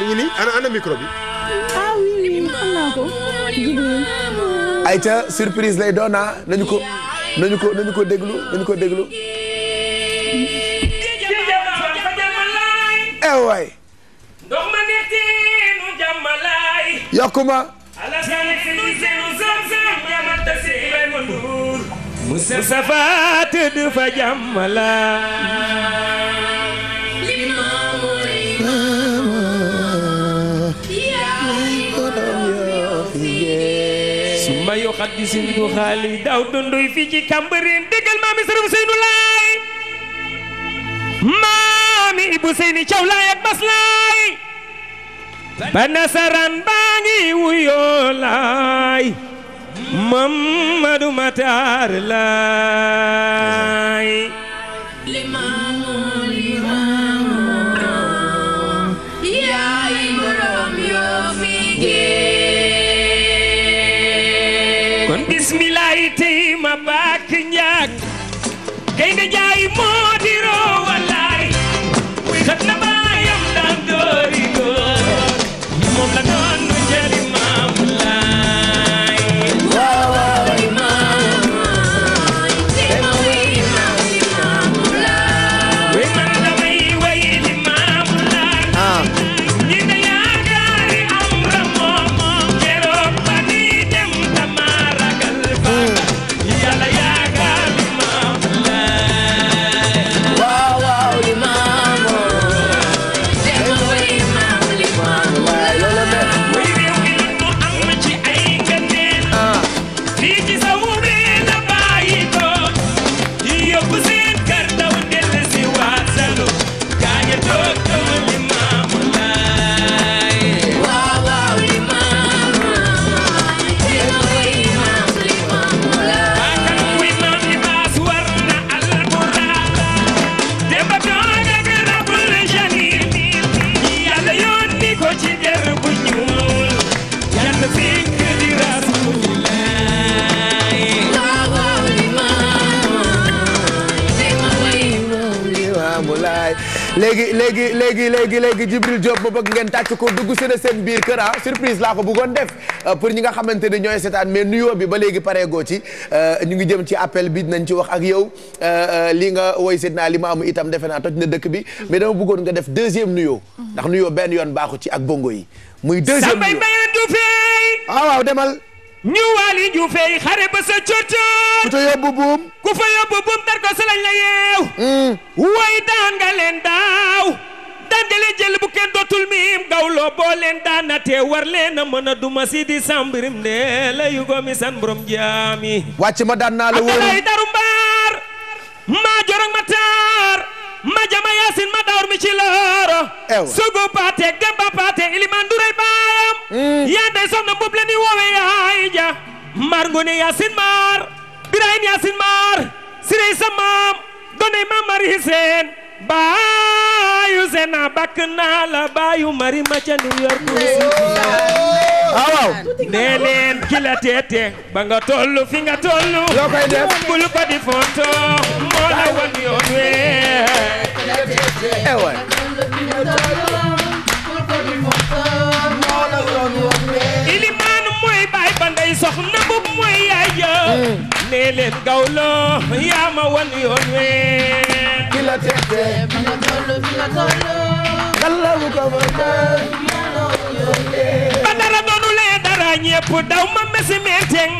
mi ngi nii ana ana micro bi. ah oui oui xam naa ko. Aïcha surprise lay doon ah nañu ko nañu ko nañu ko déglu nañu ko déglu. eh waay. yokkuma. Musa Fatou du fa jàmmalaay. muqaddis bu xaali daaw dunduy fii ci Cambérène maami Sëriñ Useynu Laay maami Ibu Seyni Caw Laay ak Bas Laay ba nasaraan baa ngi wuyoo Laay Mamadu Mataar Laay jaay tey ma baak ñaak gaynde jaay moo di léegi léegi léegi léegi léegi Djibril Diop ma bëgg ngeen tàcc ko dugg si na seen biir kër ah surprise laa ko bëggoon def euh, pour ñi nga xamante ni ñooy seetaan mais nuyoo bi ba léegi pareegoo ci euh, ñu ngi jëm ci appel bi dinañ ci wax ak yow euh, li nga woy seet naa li ma am itam defe naa toj na dëkk bi mais dama bëggoon nga def deuxième nuyoo ndax nuyoo benn yoon baaxu ci ak bongo yi muy deuxième nuyoo ah waaw demal ñu waali ju fey xare sa coor coor ku fa yóbbu buum ku fa yóbbu buum dar ko sa lañ la yeew mm. way daan nga leen daaw daan nga leen jël bu kenn dootul miim gawloo boo leen daanatee war leen a mën a duma si sambirim ne la mi san borom jaami wàcc ma daan naa la wóoru am daru mbaar maa jorog ma taar ma jama yaasin ma dawar mi ci looro sugu paate gamba paate ilimaan duray ba Mm. yaa day soxna boobu la ñuy woowee yaay ja maar ngoone yaasin maar birahim yaasin maar sirey sa maam doonay maam mari seen baayu sena bakk naa la baayu mari ma New York waaw nee leen ki la teete ba tollu fi nga tollu loo koy def bul ko moo la wan yoon we eh, soxna bu mooy yaay ja nee leen gawlo yaa ma wan yoon we ki la teete bi nga tollu bi nga tollu galla bu ko ma tëj ba dara doonu leen dara ñépp daw ma mesi mee teng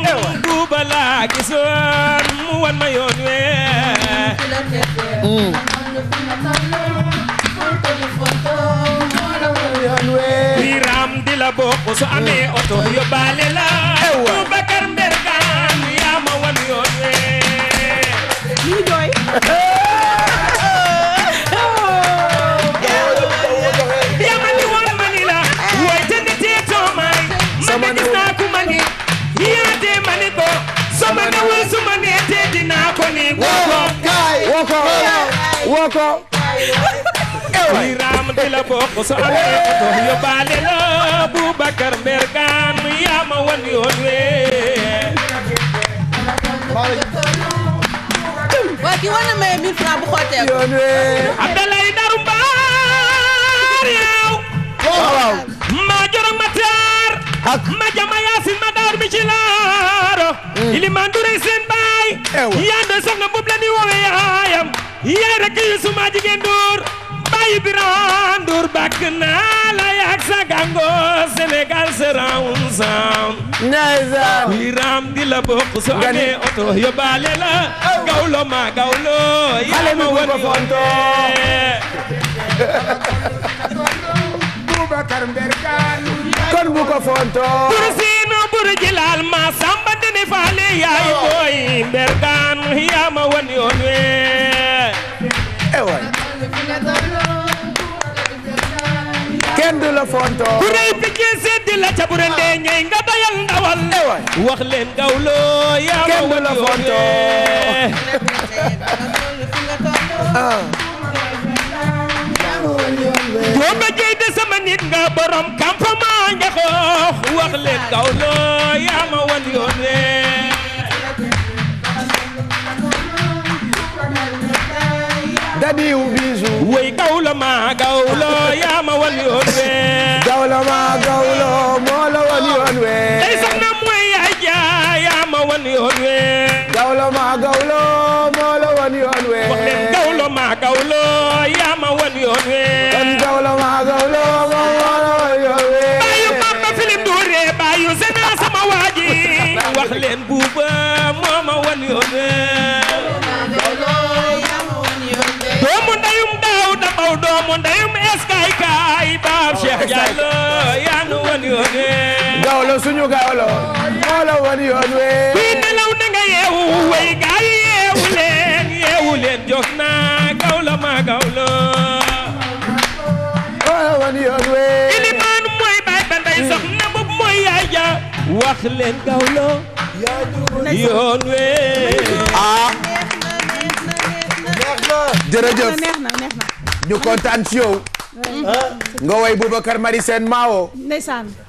duuba laa gisoon mu wan ma yoon we ki la teete mm. bi nga tollu biram di la bokk su amee oto yóbbaale la ma ni yiyaatee ma ni ko soo ma newul su ma neetee dinaa ko ni woko woko woko wiiraam di la bokk so amee ko yóbbaale la Boubacar Mbergan yaa ma wan yoon wee waa ki war na maye 1000 francs bu xootee ko. Abdoulaye Daru Mbaar yow. waaw. maa joro ma taar. ak ma jam bi ci laaro mm. ilimaan du rey seen baay yaa nda soxna boob la ni woowe yaayam yaay rakk yu suma jigéen dóor bàyyi biraan dóor bàkk naa la yaag sa gàngo Sénégal se raawun saam ndeysaan biram di la bokk soo amee oto yóbbaale la gawlo ma gawlo yaa ma woni Boubacar Mbergane kon bu ko fontoo yaay booy mbergaan yaa ma wan yoon we ewaay eh kenn du la fontoo bu rëy piccee seddi la ca bu rendee ñey nga bayal ndawal eh wax leen gawloo yaa ma wan yoon we ah. boo ma jëy de sama nit nga borom campement njaxoox wax leen gawloo yaa ma wan yoon we sadiw bisu way gawlo ma gawlo yaa ma wal yoon we gawlo ma gawlo moo la wal yoon we tey sax na mooy yaay jaa yaa ma wal yoon we gawlo ma gawlo moo la wal yoon we wax leen gawlo ma gawlo yaa ma wal yoon we kon gawlo ma gawlo Pape Cheikh Ndiaye oh, la yaa nu wan yoon wee. gaw la suñu moo la wan yoon wee. kuy nelaw na nga yeewu wey gaay yi yeewu leen yeewu leen jóg naa gaw la ma gaw la. moo la wan yoon wee. ilimaan mooy baay ba ndey soxna boobu mooy yaay ja wax leen gaw la yoon wee. ah. jërëjëf ñu kontaan ci yow. nga woy Boubacar Mari Sène Mao ndeysaan